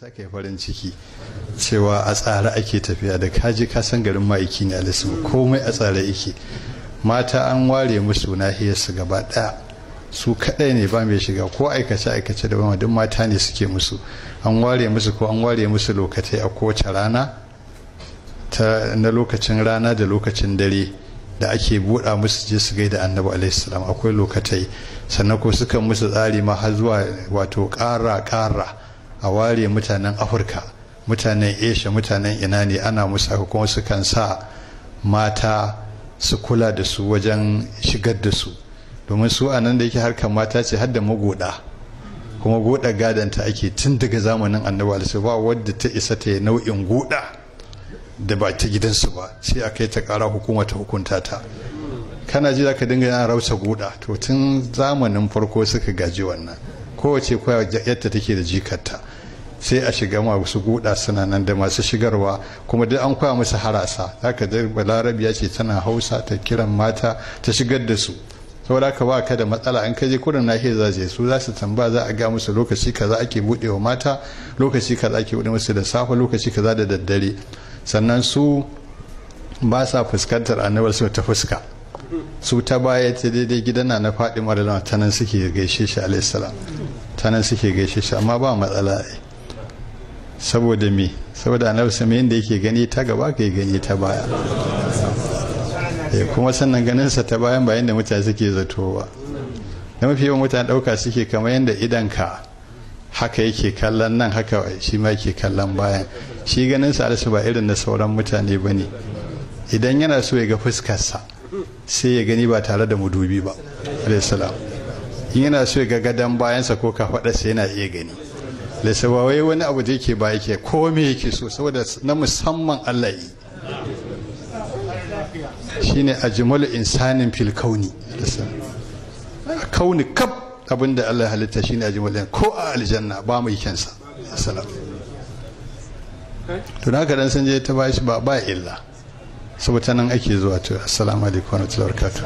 sake farin ciki cewa a tsara ake tafiya da kaji kasan garin ma'aiki ne alisu komai a tsara yake mata an ware musu nahiyarsu gaba ɗaya su kaɗai ne ba mai shiga ko aikace aikace da bama duk mata ne suke musu an ware musu ko an ware musu lokacin a kowace rana ta na lokacin rana da lokacin dare da ake buɗa musu je su gaida annabi salam akwai lokacin sannan ko suka musu tsari ma har zuwa wato ƙara ƙara a ware mutanen afirka mutanen asia mutanen ina ne ana musu haka kuma sukan sa mata su kula da su wajen shigar da su domin su a nan da yake harkar mata ce har da magoda kuma goda gadanta ake tun daga zamanin annabi alisu ba wadda ta isa ta yi nau'in goda da ba ta gidansu ba sai a kai ta kara hukuma ta hukunta ta kana ji za ka dinga yana rausa goda to tun zamanin farko suka gaji wannan kowace kwaya yadda take da jikarta sai a shiga masu guda suna nan da masu shigarwa kuma duk an kwaya musu harasa zaka da balarabiya ce tana hausa ta kiran mata ta shigar da su saboda ka ba ka da matsala an kaje kurin nahiyar za je su za su tamba za a ga musu lokaci kaza ake bude wa mata lokaci kaza ake bude musu da safe lokaci kaza da daddare sannan su ba sa fuskantar annabar su ta fuska su ta baya ta daidai gidana na faɗi maralama ta nan suke gaishe shi alaihissalam ta nan suke gaishe shi amma ba matsala saboda me saboda annabi sami inda yake gani ta gaba ka yi gani ta baya eh, kuma sannan ganinsa ta bayan bayan da mutane suke zato ba na mafi yawan mutane ɗauka suke kamar yadda idan ka haka yake kallon nan haka shi ma yake kallon bayan shi ganinsa alisu ba irin na sauran mutane ba ne idan yana so ya ga fuskarsa sai ya gani ba tare da mudubi ba alaihissalam yana so ga gadon bayansa ko sai yana iya gani lissawa wai wani abu da yake ba yake ko me yake so saboda na musamman allah yi shine ajmalu insanin fil kauni kauni kaf abinda allah halitta shine ajmalu ko a aljanna ba mai kyansa salam to na dan sanje ta bashi ba ba illa saboda nan ake zuwa to assalamu alaikum wa barakatuh